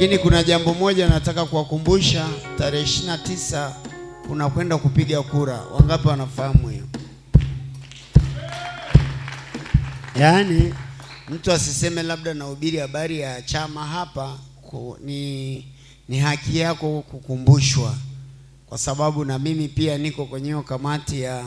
Lakini kuna jambo moja nataka kuwakumbusha, tarehe 29 na unakwenda kupiga kura. Wangapi wanafahamu hiyo? Yaani mtu asiseme labda nahubiri habari ya chama hapa. Ni, ni haki yako kukumbushwa, kwa sababu na mimi pia niko kwenye hiyo kamati ya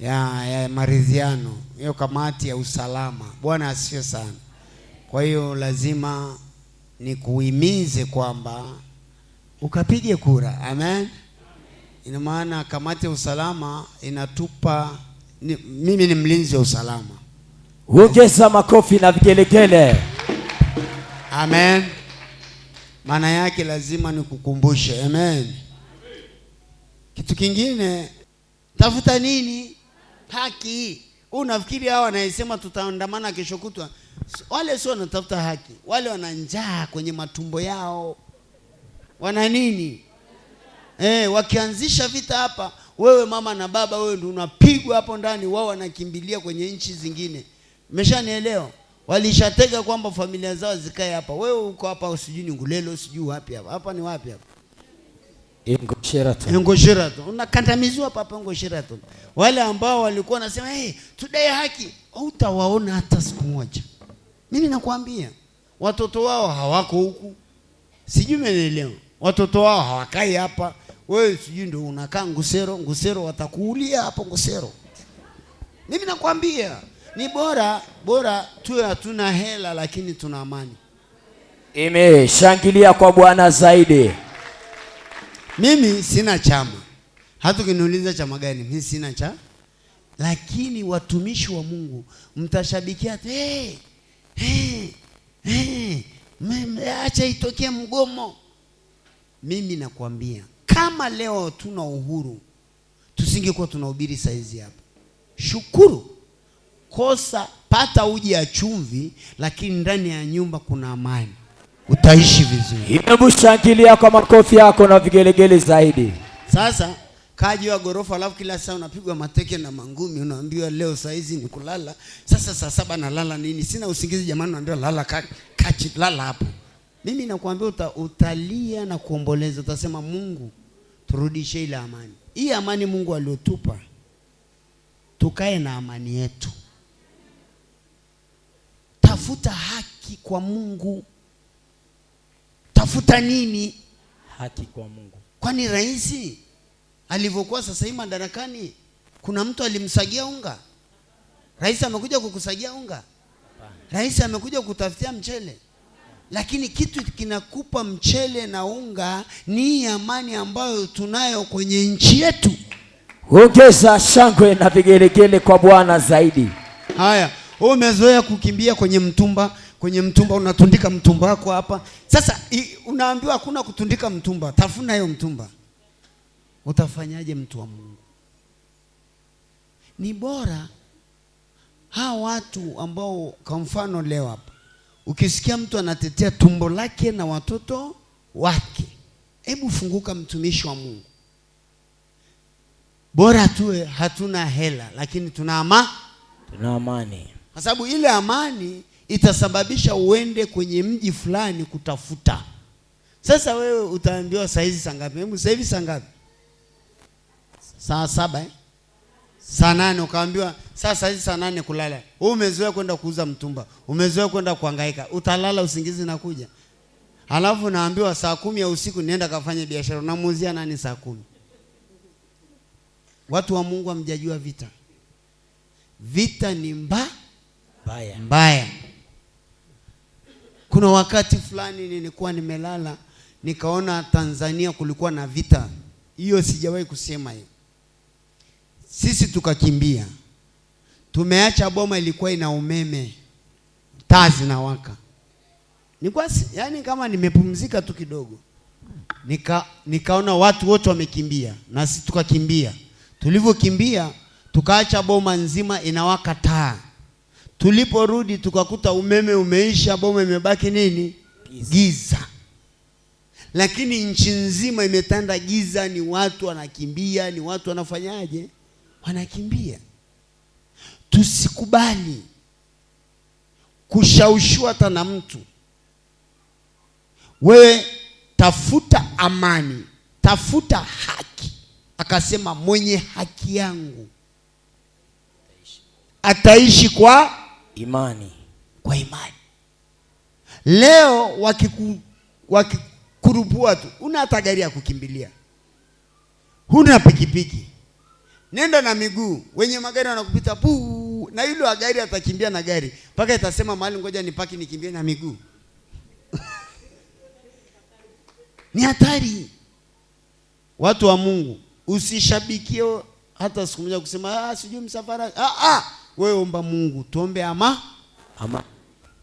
ya, ya maridhiano, hiyo kamati ya usalama. Bwana asifiwe sana. Kwa hiyo lazima nikuhimize kwamba ukapige kura. Amen. Ina maana kamati ya usalama inatupa ni, mimi ni mlinzi wa usalama. Ongeza makofi na vigelegele. Amen. Maana yake lazima nikukumbushe. Amen. Kitu kingine, tafuta nini? Haki. Unafikiri hawa anayesema tutaandamana kesho kutwa wale sio wanatafuta haki, wale wana njaa kwenye matumbo yao, wana nini? eh? wakianzisha vita hapa, wewe mama na baba, wewe ndio unapigwa hapo ndani, wao wanakimbilia kwenye nchi zingine. Umeshanielewa? Walishatega kwamba familia zao zikae hapa, wewe uko hapa, sijui ni Ngulelo, sijui wapi hapa. Hapa ni wapi hapa? Ingo Sheraton. Ingo Sheraton. Unakandamizwa hapa Ingo Sheraton. Wale ambao walikuwa wanasema hey, eh, tudai haki, hautawaona hata siku moja. Mimi nakwambia watoto wao hawako huku, sijui menelewa Watoto wao hawakai hapa. Wewe sijui ndio unakaa Ngusero. Ngusero watakuulia hapo Ngusero. Mimi nakwambia ni bora bora tu hatuna hela, lakini tuna amani. Imeshangilia kwa Bwana zaidi. Mimi sina chama, hata ukiniuliza chama gani, mimi sina cha, lakini watumishi wa Mungu mtashabikia hey acha itokee mgomo. Mimi nakwambia kama leo tuna uhuru, tusingekuwa tunahubiri saizi hapa. Shukuru kosa pata uji ya chumvi, lakini ndani ya nyumba kuna amani, utaishi vizuri. Hebu shangilia kwa makofi yako na vigelegele zaidi. Sasa kaji wa gorofa, alafu kila saa unapigwa mateke na mangumi, unaambiwa leo saa hizi ni kulala. Sasa saa saba nalala nini? Sina usingizi jamani, unaambiwa lala kachi, lala hapo. Mimi nakwambia uta, utalia na kuomboleza, utasema Mungu turudishe ile amani. Hii amani Mungu aliotupa, tukae na amani yetu. Tafuta haki kwa Mungu. Tafuta nini? Haki kwa Mungu. Kwani rahisi? alivyokuwa sasa hivi madarakani, kuna mtu alimsagia unga? Rais amekuja kukusagia unga? Rais amekuja kutafutia mchele? Lakini kitu kinakupa mchele na unga ni amani ambayo tunayo kwenye nchi yetu. Ongeza shangwe na vigelegele kwa Bwana zaidi. Haya, wewe umezoea kukimbia kwenye mtumba, kwenye mtumba unatundika mtumba wako hapa. Sasa unaambiwa hakuna kutundika mtumba, tafuna hiyo mtumba. Utafanyaje mtu wa Mungu? Ni bora hawa watu ambao, kwa mfano leo hapa ukisikia mtu anatetea tumbo lake na watoto wake, hebu funguka, mtumishi wa Mungu. Bora tuwe hatuna hela, lakini tuna ama tuna amani, kwa sababu ile amani itasababisha uende kwenye mji fulani kutafuta. Sasa wewe utaambiwa saa hizi saa ngapi? Hebu saa hivi saa ngapi? saa saba eh? saa nane ukaambiwa sasa hizi saa nane kulala. Wewe umezoea kwenda kuuza mtumba, umezoea kwenda kuhangaika, utalala usingizi nakuja. alafu naambiwa saa kumi ya usiku nienda kafanye biashara, unamuuzia nani saa kumi? Watu wa Mungu hamjajua vita. Vita ni mba mbaya, mbaya. Kuna wakati fulani nilikuwa nimelala nikaona Tanzania kulikuwa na vita, hiyo sijawahi kusema hiyo sisi tukakimbia, tumeacha boma ilikuwa ina umeme, taa zinawaka. Nilikuwa yani kama nimepumzika tu kidogo, nika nikaona watu wote wamekimbia na sisi tukakimbia. Tulivyokimbia tukaacha boma nzima inawaka taa. Tuliporudi tukakuta umeme umeisha, boma imebaki nini? Giza. Lakini nchi nzima imetanda giza, ni watu wanakimbia, ni watu wanafanyaje wanakimbia. Tusikubali kushawishiwa hata na mtu. Wewe tafuta amani, tafuta haki. Akasema mwenye haki yangu ataishi kwa imani, kwa imani. Leo wakiku, wakikurupua tu, una hata gari ya kukimbilia, huna pikipiki Nenda na miguu, wenye magari wanakupita puu, na yule wa gari atakimbia na gari mpaka itasema mahali, ngoja nipaki nikimbie na miguu ni hatari. Watu wa Mungu, usishabikie hata siku moja kusema ah, sijui msafara. Ah, ah, wewe omba Mungu, tuombe ama ama,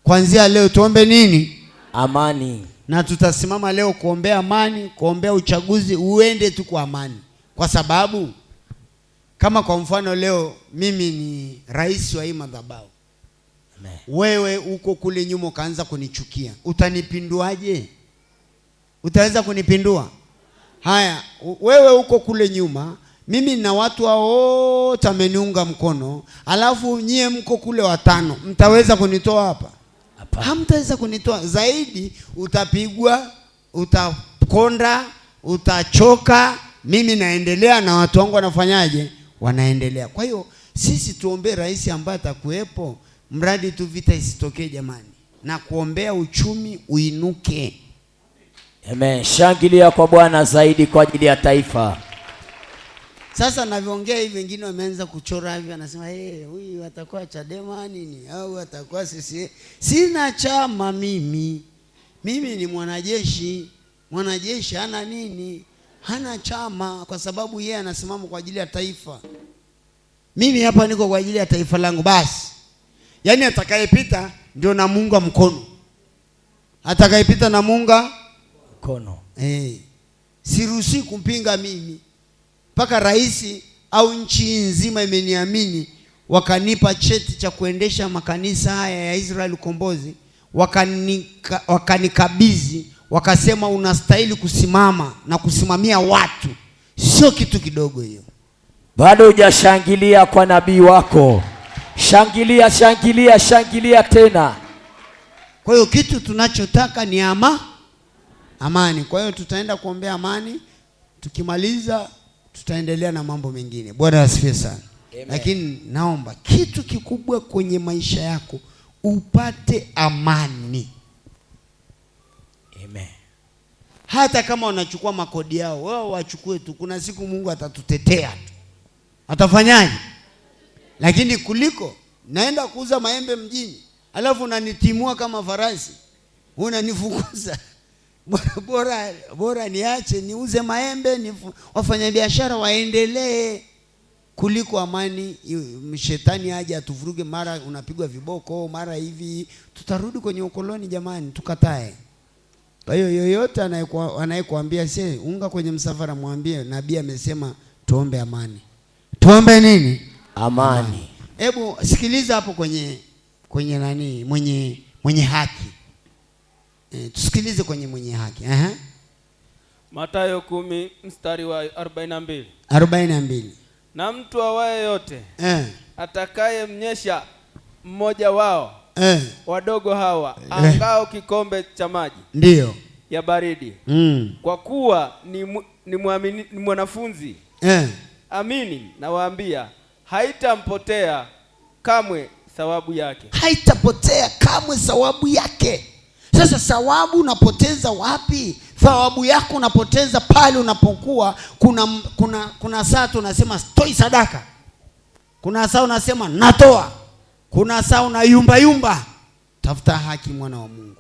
kuanzia leo tuombe nini? Amani. Na tutasimama leo kuombea amani, kuombea uchaguzi uende tu kwa amani, kwa sababu kama kwa mfano leo mimi ni rais wa hii madhabahu, wewe uko kule nyuma ukaanza kunichukia, utanipinduaje? Utaweza kunipindua? Haya, wewe uko kule nyuma, mimi na watu hao wote ameniunga mkono, alafu nyie mko kule watano, mtaweza kunitoa hapa? Hamtaweza kunitoa. Zaidi utapigwa, utakonda, utachoka. Mimi naendelea na watu wangu wanafanyaje? wanaendelea. Kwa hiyo sisi tuombee rais ambaye atakuwepo, mradi tu vita isitokee jamani, na kuombea uchumi uinuke. Amen. Shangilia kwa Bwana zaidi kwa ajili ya taifa. Sasa navyoongea hivi, wengine wameanza kuchora hivi, anasema hey, eh, huyu atakuwa Chadema nini au atakuwa sisi. Sina chama mimi, mimi ni mwanajeshi. Mwanajeshi ana nini? hana chama, kwa sababu yeye anasimama kwa ajili ya taifa. Mimi hapa niko kwa ajili ya taifa langu basi. Yaani atakayepita ndio namuunga mkono, atakayepita namuunga mkono eh. Siruhusi kumpinga mimi mpaka rais au nchi nzima imeniamini, wakanipa cheti cha kuendesha makanisa haya ya Israel Ukombozi, wakanika, wakanikabidhi wakasema unastahili kusimama na kusimamia watu, sio kitu kidogo hiyo. Bado hujashangilia kwa nabii wako, shangilia, shangilia, shangilia tena. Kwa hiyo kitu tunachotaka ni ama amani. Kwa hiyo tutaenda kuombea amani, tukimaliza tutaendelea na mambo mengine. Bwana asifiwe sana. Amen. Lakini naomba kitu kikubwa kwenye maisha yako upate amani. Hata kama wanachukua makodi yao, wao wachukue tu. Kuna siku Mungu atatutetea tu, atafanyaje? Lakini kuliko naenda kuuza maembe mjini, alafu unanitimua kama farasi, unanifukuza bora, bora, niache niuze maembe nifu, wafanyabiashara waendelee kuliko amani shetani aje atuvuruge, mara unapigwa viboko, mara hivi. Tutarudi kwenye ukoloni jamani, tukatae. Kwa hiyo yoyote anayekuambia se unga kwenye msafara, mwambie nabii amesema tuombe amani. Tuombe nini? Amani. Hebu sikiliza hapo kwenye kwenye nani, mwenye mwenye haki e, tusikilize kwenye mwenye haki uh Mathayo kumi mstari wa 42. 42. Na mtu awaye yote eh, atakaye mnyesha mmoja wao eh, wadogo hawa eh. angao kikombe cha maji ndio ya baridi mm. kwa kuwa ni, ni, ni mwanafunzi eh. Amini nawaambia haitampotea kamwe thawabu yake, haitapotea kamwe thawabu yake. Sasa thawabu unapoteza wapi? Thawabu yako unapoteza pale unapokuwa kuna kuna kuna saa tunasema toi sadaka, kuna saa unasema natoa kuna saa unayumba yumba, tafuta haki, mwana wa Mungu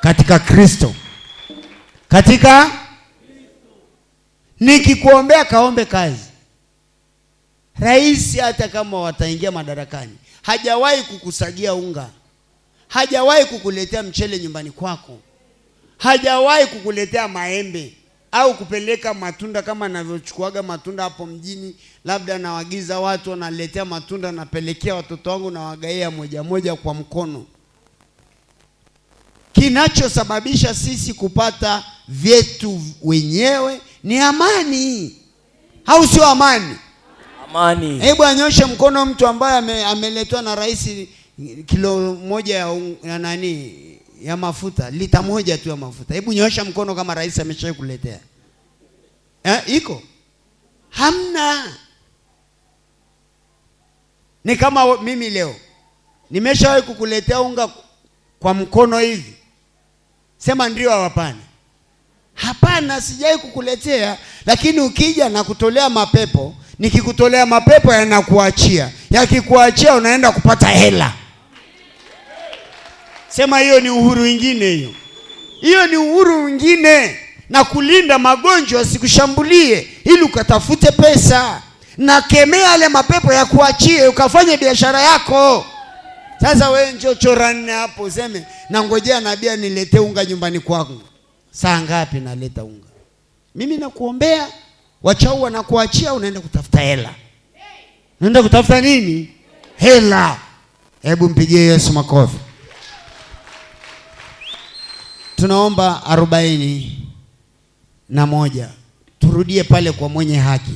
katika Kristo, katika nikikuombea kaombe kazi. Rais hata kama wataingia madarakani, hajawahi kukusagia unga, hajawahi kukuletea mchele nyumbani kwako, hajawahi kukuletea maembe au kupeleka matunda kama navyochukuaga matunda hapo mjini, labda nawagiza watu wanaletea matunda, napelekea watoto wangu, nawagaia moja moja kwa mkono. Kinachosababisha sisi kupata vyetu wenyewe ni amani, au sio? Amani, amani. Hebu anyoshe mkono mtu ambaye ameletwa na rais kilo moja ya nani ya mafuta, lita moja tu ya mafuta. Hebu nyosha mkono kama rais ameshawahi kuletea. Eh, iko hamna. Ni kama mimi leo nimeshawahi kukuletea unga kwa mkono hivi, sema ndio? Hapana, hapana, sijawahi kukuletea. Lakini ukija na kutolea mapepo, nikikutolea mapepo yanakuachia, yakikuachia unaenda kupata hela Sema hiyo ni uhuru mwingine, hiyo hiyo ni uhuru mwingine, na kulinda magonjwa asikushambulie ili ukatafute pesa, na kemea yale mapepo ya kuachie ukafanye biashara yako. Sasa wewe njo chora nne hapo, useme nangojea nabii aniletee unga nyumbani kwangu. Saa ngapi naleta unga mimi? Nakuombea wachau wanakuachia, unaenda kutafuta hela, unaenda kutafuta nini? Hela. Hebu mpigie Yesu makofi tunaomba arobaini na moja. Turudie pale kwa mwenye haki,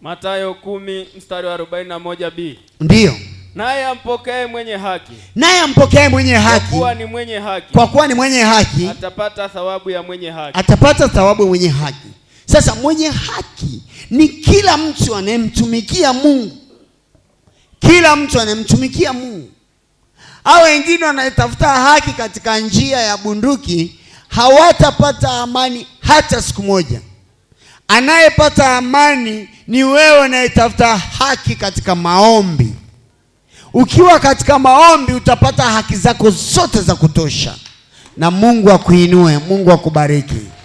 Mathayo kumi mstari wa arobaini na moja b ndiyo naye ampokee mwenye haki, naye ampokee mwenye haki, kwa kuwa ni mwenye haki, kwa kuwa ni mwenye haki atapata thawabu ya mwenye haki, atapata thawabu mwenye haki. Sasa mwenye haki ni kila mtu anayemtumikia Mungu, kila mtu anayemtumikia Mungu au wengine wanaitafuta haki katika njia ya bunduki, hawatapata amani hata siku moja. Anayepata amani ni wewe unayetafuta haki katika maombi. Ukiwa katika maombi utapata haki zako zote za kutosha, na Mungu akuinue, Mungu akubariki.